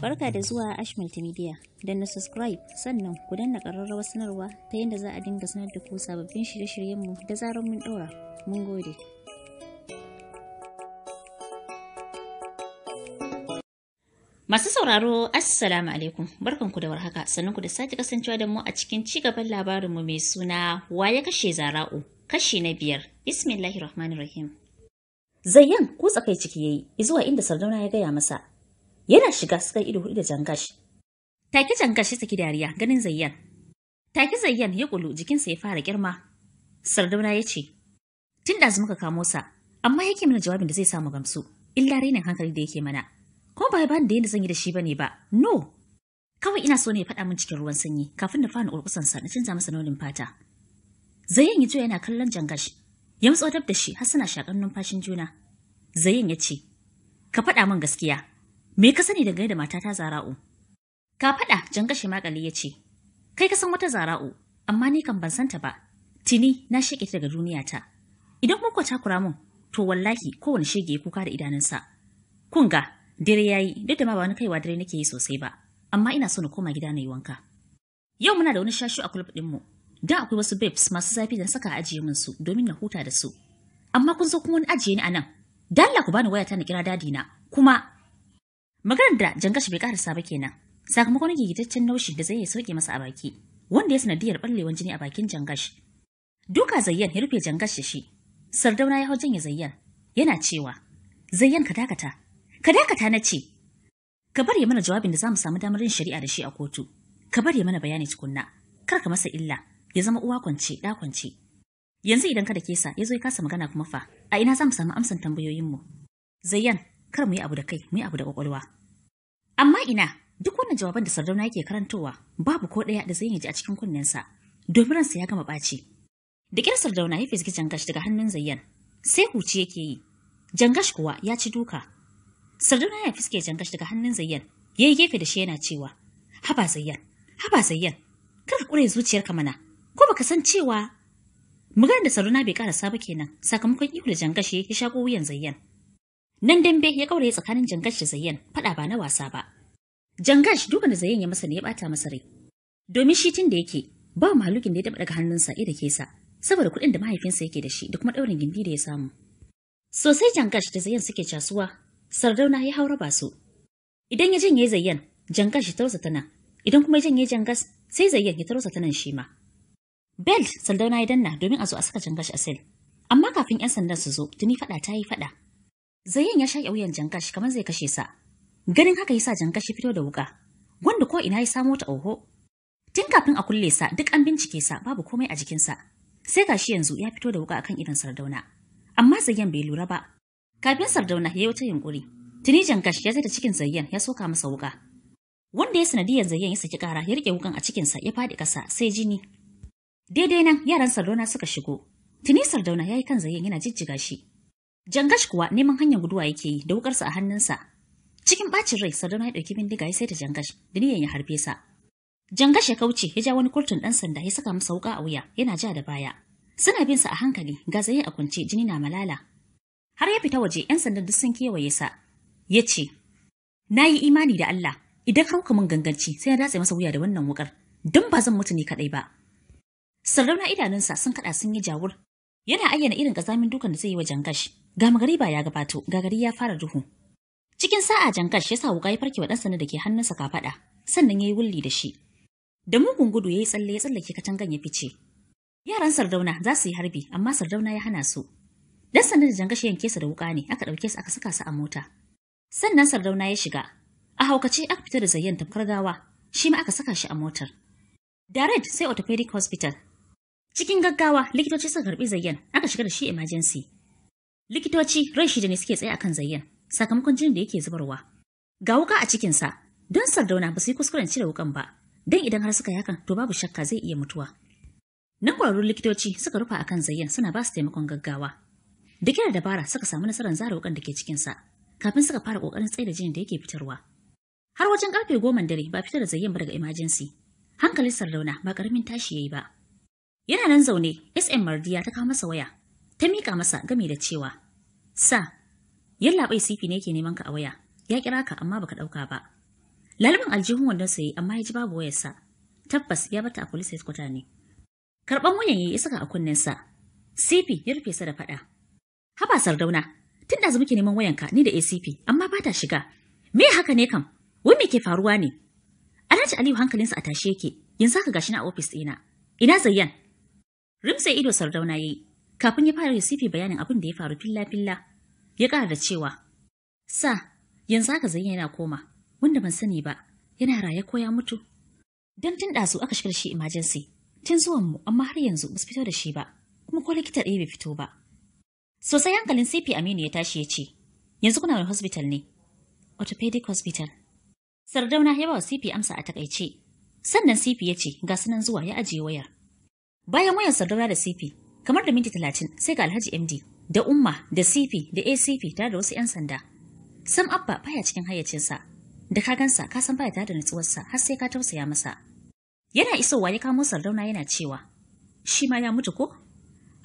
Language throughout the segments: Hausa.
Barka da zuwa Ash Multimedia. Don na subscribe sannan ku danna ƙararrawar sanarwa ta yadda za a dinga sanar da ku sababbin shirye-shiryenmu da zarar mun ɗora. Mun gode. Masu sauraro, Assalamu alaikum, barkan ku da warhaka, sannan ku da sake kasancewa da mu a cikin ci gaban labarinmu mai suna ya kashe zara'u, kashi na biyar, Bismillahirrahmanirrahim. Zayyan kutsa tsakai ciki yayi, zuwa inda Sardauna ya gaya masa, Yana shiga suka ido hudu da Jangash. Take Jangash ya saki dariya ganin Zayyan. Take Zayyan ya kulu jikinsa ya fara girma. Sardauna ya ce, Tun da muka kamo sa, amma yake mana jawabin da zai samu gamsu, illa rainin hankali da yake mana. Kuma ba bani da yadda zan yi da shi bane ba, no. Kawai ina so ne ya faɗa min cikin ruwan sanyi kafin na fara sa na canza masa nonin fata. Zayyan ya yana kallon Jangash, ya mutsotar da shi har suna shakar numfashin juna. Zayyan ya ce, Ka faɗa min gaskiya, Me ka sani dangane da matata Zara'u? Ka faɗa jan kashe makali ya ce, Kai ka san wata Zara'u, amma ni kan ban santa ba. Tini na ta daga duniya ta. Idan kuka kura mun, to wallahi kowane shege ya kuka da idanunsa. Kun ga, dare ya yi, duk da ma ba wani kaiwa dare nake yi sosai ba, amma ina so na koma gida na yi wanka. Yau muna da wani shashu a kulub ɗinmu. don akwai wasu babes masu zafi da saka ajiye min su domin na huta da su. Amma kun zo kuma wani ajiye ni a nan. Dalla ku bani wayata na kira dadi na, kuma Maganar da Jangashi bai karasa ba kenan. Sakamakon gigitaccen naushi da zai sauke masa a baki, wanda ya sanadiyar ballewan jini a bakin Jangash. Duka Zayyan ya rufe Jangash da shi. Sardauna ya hau ya Zayyan, yana cewa, "Zayyan ka dakata, ka dakata na ce, ka bari mana jawabin da za mu samu damar yin shari'a da shi a kotu, ka bari mana bayani tukunna, kar ka masa illa, ya zama uwa kwance, da kwance." Yanzu idan kada kesa ya zo ya kasa magana kuma fa, a ina za mu samu amsan tambayoyinmu? Zayyan, kar mu yi abu da kai, mu yi abu da kwakwalwa. Amma ina, duk wannan jawaban da Sardauna yake karantowa babu ko ɗaya da zai yi a cikin kunnensa, domin ransa ya gama ɓaci. Da ƙyar Sardauna ya fizgi Jangash daga hannun Zayyan, sai huci yake yi. Jangash kuwa ya ci duka. Sardauna ya fiske Jangash daga hannun Zayyan, ya yi gefe da shi yana cewa, Haba Zayyan, haba Zayyan, kar ka ƙure zuciyarka mana, ko baka san cewa Maganar da Sardauna bai ƙarasa ba kenan sakamakon ihu da Jangash ya shaƙo wuyan Zayyan. Nan dambe ya kaure tsakanin Jangash da Zayyan, faɗa ba na wasa ba. Jangash duka da Zayyan ya masa ne ya bata masa rai. Domin shi tun da yake ba mahalukin da ya taɓa daga hannunsa ke sa saboda kuɗin da mahaifinsa yake da shi da kuma ɗaurin gindi da ya samu. Sosai Jangash da Zayyan suke casuwa, Sardauna ya haura ba su. Idan ya janye Zayyan, Jangash ya tausa tana, idan kuma ya janye Jangas, sai Zayyan ya tausa tana shi ma. Belt Sardauna ya danna domin a zo a saka Jangash a sel. Amma kafin 'yan sandan su zo, tuni faɗa ta yi faɗa. Zayin ya shaƙe wuyan Jankash kamar zai kashe sa. Ganin haka yasa Jankash ya fito da wuka. Wanda ko ina ya samo ta oho. Tun kafin a kulle sa duk an bincike sa babu komai a jikin sa Sai gashi yanzu ya fito da wuka akan idan Sardauna. Amma Zayin bai lura ba. Kafin Sardauna ya yi wata yunƙuri. Tuni Jankash ya zai cikin Zayin ya soka masa wuka. Wanda ya sanadiyar zayin ya saki ƙara ya rike wukan a cikin sa ya fadi kasa sai jini. Daidai nan yaran Sardauna suka shigo. Tuni Sardauna ya yi kan Zayin yana jijjiga shi. Jangash kuwa neman hanyar guduwa yake yi da wukarsa a hannunsa. Cikin ɓacin rai Sardauna ya ɗauki bindiga ya sai ta Jangash da niyan ya harbe sa. Jangash ya kauce ya ja wani kurtun ɗan sanda ya saka masa wuka a wuya yana ja da baya. Suna bin sa a hankali ga zaye a kwance jini na malala. Har ya fita waje 'yan sandan duk sun kewaye sa. Ya ce, Na yi imani da Allah, idan hauka mun ganganci sai na datse masa wuya da wannan wukar, don ba zan mutu ni kaɗai ba. Sardauna idanunsa sun kaɗa sun yi jawur, yana ayyana irin ƙazamin dukan da zai yi wa Jangash. Ga magariba ya gabato, ga gari ya fara duhu. Cikin sa'a jankash ya sa wuka ya farke wa ɗansa da ke hannunsa kafaɗa, sannan ya yi wulli da shi. Da mugun gudu ya yi tsalle ya tsallake katangan ya fice. Yaran Sardauna za su yi harbi, amma Sardauna ya hana su. Dan sanar da jangashi yanke su da wuka ne, aka ɗauke su aka saka su a mota. Sannan Sardauna ya shiga. A haukace aka fita da zayyan tamkar gawa, shi ma aka saka shi a motar. Direct sai orthopedic hospital. Cikin gaggawa likitoci suka karɓi zayyan, aka shiga da shi emergency. Likitoci rai da ne suke tsaye akan zayyan sakamakon jinin da yake zubarwa. Ga wuka a sa don sardauna ba su yi kuskuren cire wukan ba don idan har suka yakan to babu shakka zai iya mutuwa. Nan kwararrun likitoci suka rufa akan zayyan suna ba su taimakon gaggawa. Da dabara suka samu nasarar zara wukan da ke sa kafin suka fara kokarin tsaye da jinin da yake fitarwa. Har wajen karfe goma dare ba fitar da zayyan ba daga imajensi. Hankalin sardauna ba karamin tashi ya yi ba. Yana nan zaune, SM Mardiya ta kawo masa waya, ta mika masa gami da cewa sa yallaɓai sifi ne ke neman ka a waya ya kira ka amma baka ɗauka ba lalibin aljihun wandon sa yi amma ya ji babu wayarsa tabbas ya bata a police headquarters ne karban wayan yayi saka a kunnen sa CP ya rufe sa da fada haba sardauna tun da muke neman ka ni da ACP amma bata shiga me haka ne kam wai me ke faruwa ne Alhaji Aliyu hankalinsa a tashi yake yanzu haka gashi na office ɗina ina Zayyan Rimsa ido sardauna yayi Kafin ya fara Yusufi bayanin abin da ya faru filla-filla, ya ƙara da cewa, Sa, yanzu aka zai yana koma, wanda ban sani ba, yana raye ko ya mutu. Don tun ɗazu aka shigar shi imajensi, tun zuwan mu amma har yanzu ba su fito da shi ba, kuma ko likita ɗaya bai fito ba. Sosai hankalin CP Aminu ya tashi ya ce, yanzu kuna wani hospital ne, orthopedic hospital. Sardauna ya bawa wa CP amsa a takaice, sannan CP ya ce ga sunan zuwa ya ajiye wayar. Bayan wayar Sardauna da CP, kamar da minti talatin sai ga alhaji md da umma da cp da acp tare da wasu 'yan sanda sam abba baya cikin hayyacinsa da ka gansa ka san baya tare da sa, har sai ka tausaya masa yana isowa ya kamo sardauna yana cewa shi ma ya mutu ko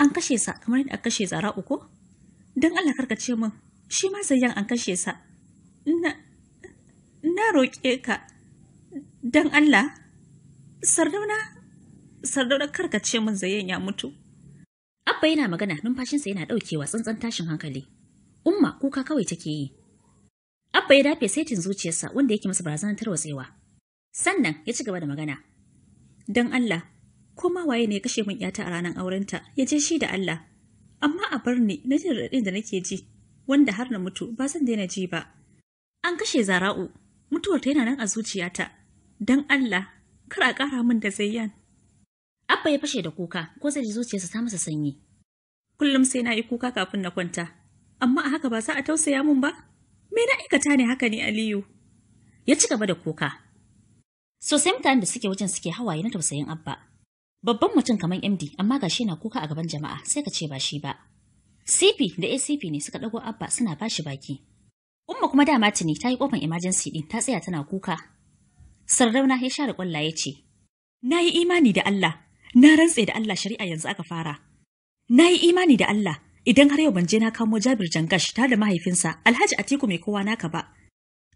an kashe sa kamar yadda aka kashe zara uku don allah karka ce min shi ma zayyan an kashe sa na na roƙe ka don allah sardauna sardauna karka ce min zayyan ya mutu Abba yana magana numfashinsa yana ɗaukewa tsantsan tashin hankali. Umma kuka kawai take yi. Abba ya dafe saitin zuciyarsa wanda yake masa barazanar tarwatsewa. Sannan ya ci gaba da magana. Don Allah, ko waye ne ya kashe min ƴata a ranar aurenta, ya je shi da Allah. Amma a bar ni na jin raɗin da nake ji, wanda har na mutu ba zan daina ji ba. An kashe Zara'u, mutuwarta yana nan a zuciyata. Don Allah, kar a ƙara min da Zayyan. Abba ya fashe da kuka, ko zai da zuciyarsa ta masa sanyi. Kullum sai na yi kuka kafin na kwanta, amma a haka ba za a tausaya mun ba? Me na aikata ne haka ne Aliyu? Ya ci gaba da kuka. Sosai mutanen da suke wajen suke hawaye na tausayin Abba. Babban mutum kamar MD amma gashi yana kuka a gaban jama'a sai ka ce ba shi ba. CP da ACP ne suka ɗago Abba suna ba shi baki. Umma kuma dama tuni ta yi kofan emergency din ta tsaya tana kuka. sarrauna ya share kwallaye ce, Na yi imani da Allah, Na rantse da Allah shari'a yanzu aka fara. Na yi imani da Allah idan har yau ban je na kamo Jabir Jangash ta da mahaifinsa Alhaji Atiku mai kowa naka ba.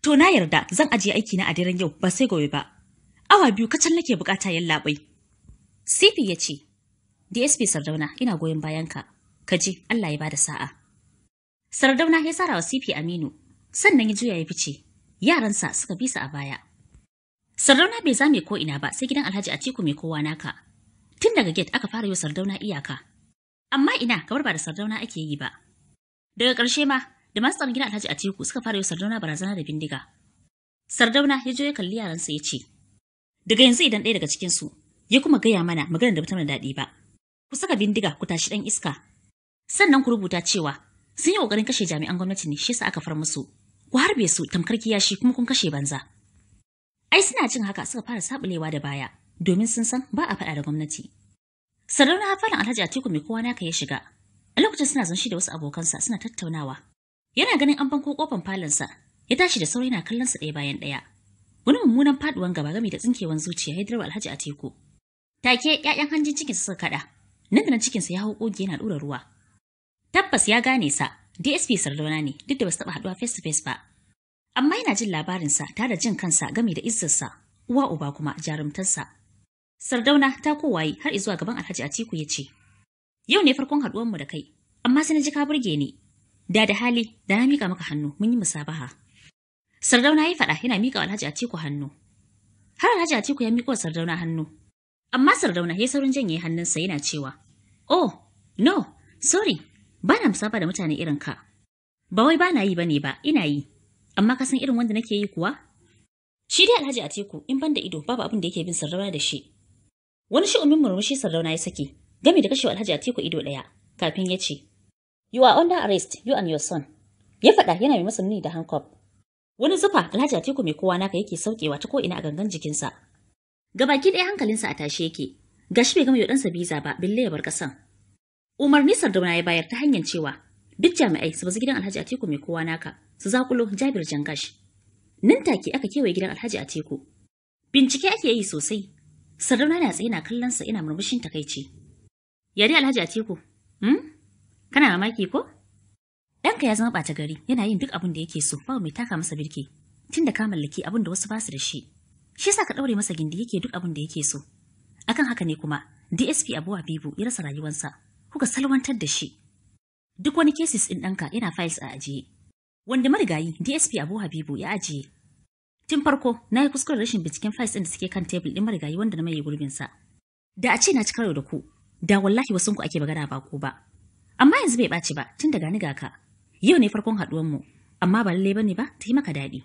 To na yarda zan ajiye aiki na a daren yau ba sai gobe ba. Awa biyu kacal nake bukata yan labai. Sifi ya ce, DSP Sardauna ina goyon bayan Ka Ka ji Allah ya bada sa'a. Sardauna ya wa Sifi Aminu sannan ya juya ya fice. Yaransa suka bisa a baya. Sardauna bai zame ko ina ba sai gidan Alhaji Atiku mai kowa naka. Tun daga gate aka fara yi sardauna iyaka. Amma ina kamar ba da sardauna ake yi ba. Daga ƙarshe ma da masu tsaron gina Alhaji Atiku suka fara yi sardauna barazana da bindiga. Sardauna ya je ya kalli yaransa ya ce, Daga yanzu idan ɗaya daga cikinsu ya kuma gaya mana maganar da bata mana daɗi ba. Ku saka bindiga ku tashi ɗan iska. Sannan ku rubuta cewa sun yi ƙoƙarin kashe jami'an gwamnati ne shi yasa aka far musu. Ku harbe su tamkar kiyashi kuma kun kashe banza. Ai suna jin haka suka fara sabulewa da baya. domin sun san ba a faɗa da gwamnati. Sarauna hafalin Alhaji Atiku mai kowa naka ya shiga. A lokacin suna zan shi da wasu abokansa suna tattaunawa. Yana ganin an banko kofan falansa, ya tashi da sauri yana kallon sa ɗaya bayan ɗaya. Wani mummunan faduwan gaba gami da tsinkewan zuciya ya dirwa Alhaji Atiku. Take ƴaƴan hanjin cikinsa suka kaɗa, nan da nan cikinsa ya hau ƙoge yana ɗora ruwa. Tabbas ya gane sa, DSP Sardauna ne duk da basu taɓa haɗuwa face to face ba. Amma yana jin labarinsa tare da jin kansa game da izzarsa, uwa uba kuma jarumtarsa. Sardauna ta kowaye har izuwa gaban Alhaji Atiku ya ce, Yau ne farkon haɗuwanmu da kai, amma sai na ji ka burge ni. Da da hali, da na miƙa maka hannu, mun yi musabaha. Sardauna ya faɗa yana miƙa Alhaji Atiku hannu. Har Alhaji Atiku ya miƙo Sardauna hannu. Amma Sardauna ya saurin janye hannunsa yana cewa, Oh, no, sorry, ba musaba da mutane irin ka. Ba wai bana yi ba ne ba, ina yi. Amma ka san irin wanda nake yi kuwa? Shi dai Alhaji Atiku in ban da ido babu abin da yake bin Sardauna da shi. Wani shi'umin murmushi Sardauna ya saki, gami da kashewa Alhaji Atiku ido daya. kafin ya ce, You are under arrest, you and your son. Ya faɗa yana mai masa da hankop Wani zufa Alhaji Atiku mai kowa naka yake saukewa ta ko'ina a gangan jikinsa. Gabaki ɗaya hankalinsa a tashe yake, gashi bai gama yi ɗansa biza ba, bille ya bar ƙasan. Umarni Sardauna ya bayar ta hanyar cewa, duk jami'ai su bazu gidan Alhaji Atiku mai kowa naka, su zakulo Jabir Jangash. Nan take aka kewaye gidan Alhaji Atiku. Bincike ake yi sosai, Sardauna na tsaye na kallon sa ina murmushin takaici. Yare Alhaji Atiku, hmm? Kana mamaki ko? Ɗanka ya zama ɓata gari, yana yin duk abin da yake so, ba mai taka masa birki, tunda ka mallaki abin da wasu basu da shi. Shi yasa ka ɗaure masa gindi yake duk abin da yake so. Akan haka ne kuma, DSP Abuwa Bibu ya rasa rayuwarsa, kuka salwantar da shi. Duk wani cases ɗin ɗanka yana files a ajiye. Wanda marigayi DSP Abu Habibu ya ajiye Tun farko, na yi kuskuren rashin binciken files ɗin da suke kan tebul ɗin marigayi wanda na maye sa. Da a ce na ci karo da ku, da wallahi ku ake magana ba ko ba. Amma yanzu bai ɓaci ba, tun daga ni ga ka. Yau ne farkon haɗuwar mu amma ba lallai bane ba ta yi maka daɗi.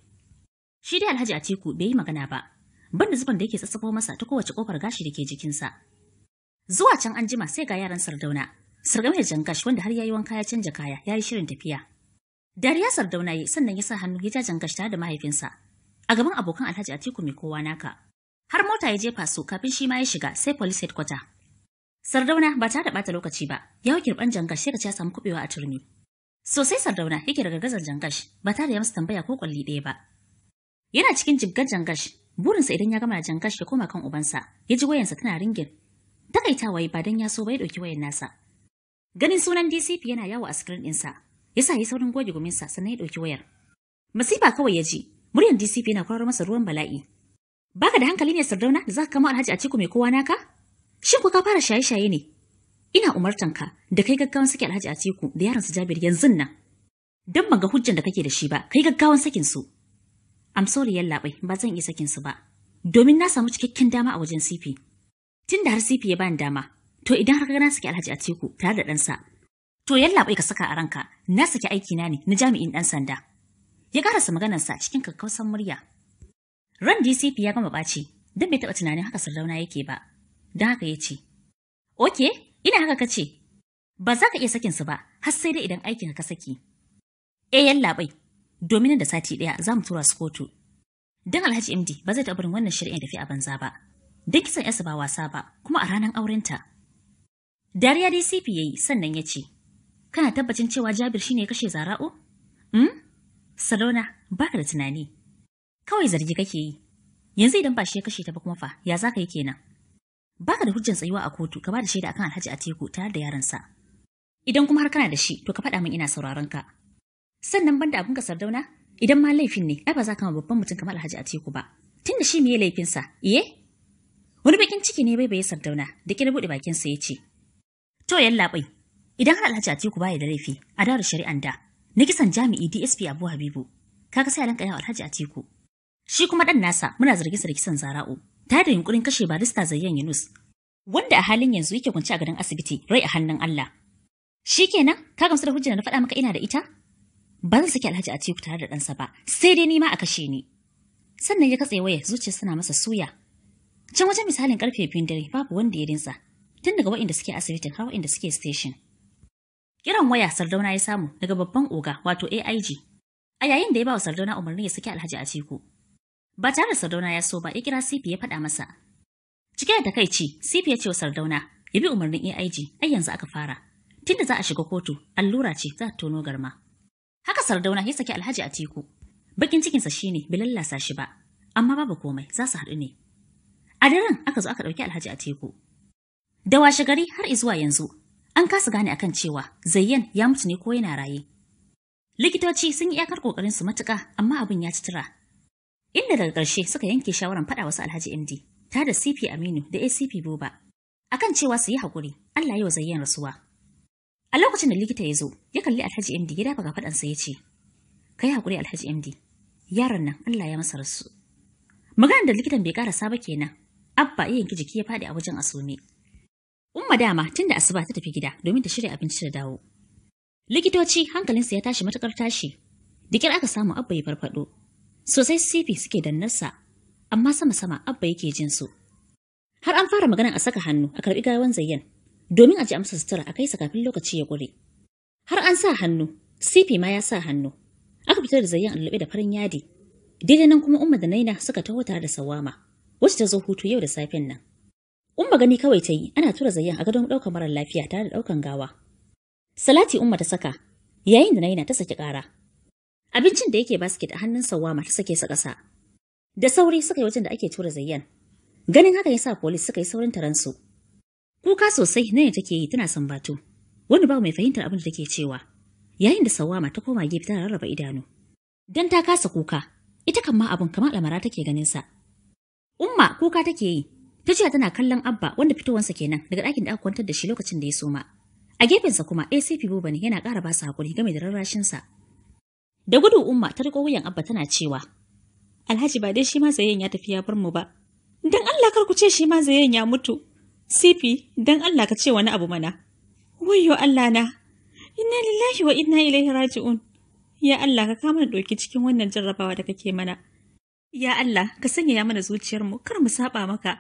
Shi dai Alhaji Atiku bai yi magana ba, banda zuban da yake sassafo masa ta kowace kofar gashi da ke jikinsa. Zuwa can an jima sai ga yaran Sardauna, Sargame da Jangash wanda har yayi wanka ya canja kaya, yayi shirin tafiya. Dariya Sardauna yi sannan ya sa hannu ya ja Jangash tare da mahaifinsa, a gaban abokan Alhaji Atiku mai kowa naka. Har mota ya jefa su kafin shi ma ya shiga sai police headquarter. Sardauna ba ta da bata lokaci ba, ya hau kirban jangash sai ka ya samu kubewa a turmi. Sosai Sardauna yake daga gazan jangash ba ta da ya tambaya ko kwalli ɗaya ba. Yana cikin jibgar jangash, burinsa idan ya gama da jangash ya koma kan ubansa, ya ji wayansa tana ringin. Takaitawa ba dan ya so bai ɗauki wayan nasa. Ganin sunan DCP yana yawo a screen ɗinsa, ya sa ya saurin goge guminsa sannan ya ɗauki wayar. Masifa kawai ya ji, muryan DCP na kwarar masa ruwan bala'i. Baka da hankali ne Sardauna da za ka kama Alhaji a ciku mai kowa naka? Shin ko ka fara shaye-shaye ne? Ina umartan ka da kai gaggawan saki Alhaji Atiku da yaron su Jabir yanzu nan. Dan ban ga hujjan da kake da shi ba, kai gaggawan sakin su. Amso sorry yallaɓai, ba zan iya sakin su ba. Domin na samu cikakken dama a wajen CP. Tun da har CP ya bani dama, to idan har ka na saki Alhaji Atiku tare da ɗansa, to yallaɓai ka saka a ranka, na saki aikina ne na jami'in ɗan sanda. Ya karasa maganarsa cikin kakkausan murya. Ran DCP ya gama ɓaci, don bai taɓa tunanin haka sardauna yake ba. Don haka ya ce, Oke, ina haka ka ce, ba za ka iya sakin su ba, har sai dai idan aikin ka saki. E eh, labai, domin da sati ɗaya za mu tura su kotu. Don Alhaji MD ba zai taɓa barin wannan shari'a tafi a banza ba. Don kisan yasa ba wasa ba, kuma a ranar aurenta. Dariya DCP ya yi sannan ya ce, Kana tabbacin cewa Jabir shine ya kashe Zara'u? Hmm? Salona, ka da tunani. Kawai zargi kake yi. Yanzu idan ba shi ya kashe ta ba kuma fa, ya zaka yi kenan? Baka da hujjan tsayuwa a kotu, ka ba da shaida akan Alhaji Atiku tare da yaransa. Idan kuma har kana da shi, to ka faɗa min ina sauraron ka. Sannan banda abin ka sardauna, idan ma laifin ne, ai ba za ka ma babban mutum kamar Alhaji Atiku ba. Tunda shi meye laifinsa, iye? Eh? Wani bakin ciki ne bai bai sardauna, da kira buɗe bakinsa ya ce. To yallaɓai, idan har Alhaji Atiku baya da laifi, a dawo da shari'an da, na kisan jami'i DSP Abu Habibu kaga sai a rinka yawa Alhaji Atiku shi kuma dan nasa muna zargin sa da kisan Zara'u ta da yunkurin kashe barista Zayyan Yunus wanda a halin yanzu yake kwance a garin asibiti rai a hannun Allah Shi shikenan ka gamsu da hujjar na faɗa maka ina da ita ba zan saki Alhaji Atiku tare da ɗansa ba sai dai ni ma a kashe ni sannan ya katse waya zuciyar suna masa suya can wajen misalin karfe biyun dare babu wanda ya rinsa tun daga waɗanda suke asibitin har wainda suke station Kiran waya Sardauna ya samu daga babban oga wato AIG. A yayin da ya ba wa Sardauna umarni ya saki Alhaji a ciku. Ba tare da Sardauna ya so ba ya kira CP ya faɗa masa. Cike da takaici CP ya ce wa Sardauna ya bi umarnin AIG ai yanzu aka fara. Tunda za a shiga kotu allura ce za ta tono garma. Haka Sardauna ya saki Alhaji a tiku. Bakin cikinsa shine bai lallasa shi ba. Amma babu komai za su haɗu ne. A daren aka zo aka ɗauki Alhaji a teku. Da washe gari har izuwa yanzu An kasa gane akan cewa Zayyan ya mutu ne ko yana raye. Likitoci sun yi iyakar kokarin su matuka amma abin ya ci tura. Inda daga ƙarshe suka yanke shawaran faɗa wasu Alhaji MD ta da CP Aminu da ACP Boba akan cewa su yi hakuri Allah ya wa Zayyan rasuwa. A lokacin da likita ya zo, ya kalli Alhaji MD ya dafa gafaɗansa ya ce, Ka yi hakuri Alhaji MD, yaron nan Allah ya masa rasu. Maganar da likitan bai ƙara saba kenan, Abba Iya yanki jiki ya faɗi a wajen asome. Umma dama tun da asuba ta tafi gida domin ta shirya abinci da dawo. Likitoci hankalinsa ya tashi matuƙar tashi. Dikir aka samu abba ya farfaɗo. Sosai sifi suke dannarsa, amma sama-sama abba yake jin su. Har an fara maganar a saka hannu a karɓi gawan zayyan domin a ji amsa sutura a kai sa kafin lokaci ya ƙure. Har an sa hannu, sifi ma ya sa hannu. Aka fitar da zayyan a da farin yadi. Daidai nan kuma Umma da Naina suka taho tare da Sawama, wacce ta zo hutu yau da safen nan. Umma gani kawai ta yi, ana tura zayyan a gadon ɗaukar marar lafiya tare da ɗaukan gawa. Salati Umma ta saka, yayin da na na ta saki ƙara. Abincin da yake basket a hannun sawama ta sake sa ƙasa. Da sauri suka yi wajen da ake tura zayyan. Ganin haka ya sa polis suka yi saurin su. Kuka sosai na take yi tana bato, Wani babu mai fahimtar abin da take cewa. Yayin da sawama ta koma gefe tana rarraba idanu. Dan ta kasa kuka, ita kan ma abin kamar lamara take ganin sa. Umma kuka take yi, Ta tana kallon Abba wanda fitowansa kenan daga ɗakin da aka kwantar da shi lokacin da ya soma. A gefen sa kuma ACP Buba ne yana ƙara ba su hakuri game da rarrashinsa. Da gudu Umma ta riƙo wuyan Abba tana cewa, Alhaji ba dai shi ma zayen ya tafi ya bar mu ba. Dan Allah kar ku ce shi ma zayen ya mutu. Sifi, dan Allah ka ce wani abu mana. Wayyo Allah na, inna lillahi wa inna ilaihi raji'un. Ya Allah ka kama ɗauki cikin wannan jarrabawa da kake mana. Ya Allah, ka sanya ya mana zuciyarmu, kar mu saba maka.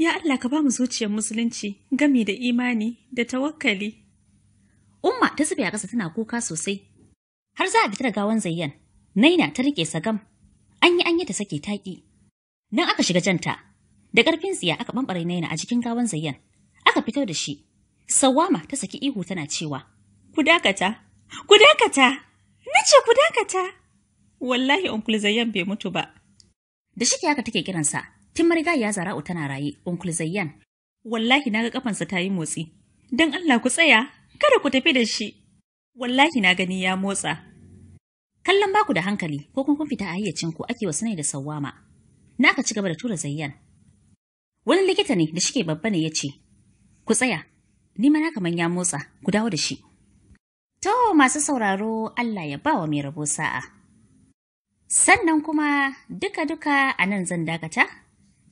Ya Allah ka ba mu zuciyar musulunci gami da imani da tawakkali. Umma ta zube a ƙasa tana kuka sosai. Har za a fita da gawan zayyan, naina ta rike sagam. An yi an yi ta sake taƙi. Nan aka shiga janta. Da ƙarfin tsiya aka ɓamɓare naina a jikin gawan zayyan. Aka fito da shi. Sawama ta saki ihu tana cewa, Ku dakata, ku dakata, na ce ku dakata. Wallahi Onkul Zayyan bai mutu ba. Da shi haka take kiransa, Tun zara Zara'u tana raye, Uncle Zayyan. Wallahi na ga kafansa ta yi motsi. dan Allah ku tsaya, kada ku tafi da shi. Wallahi na gani ya motsa. Kallon baku da hankali ko kun fita a ku ake wasu ne da sawama. Na ka ci gaba da tura Zayyan. Wani likita ne da shike babba ne ya ce, Ku tsaya, ni ma na kaman ya motsa, ku dawo da shi. To masu sauraro Allah ya ba wa mai rabo sa'a. Sannan kuma duka-duka a nan zan dakata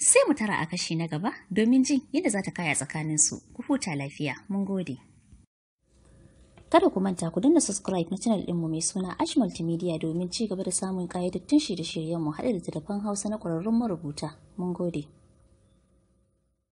Sai mu tara a kashi na gaba domin jin yadda za ta kaya tsakaninsu. Ku huta lafiya. Mun gode. Kada ku manta ku danna subscribe na channel ɗinmu mai suna Ash Multimedia domin ci gaba da samun ƙayyadattun shirye-shiryenmu haɗe da tattafan Hausa na ƙwararrun marubuta. Mun gode.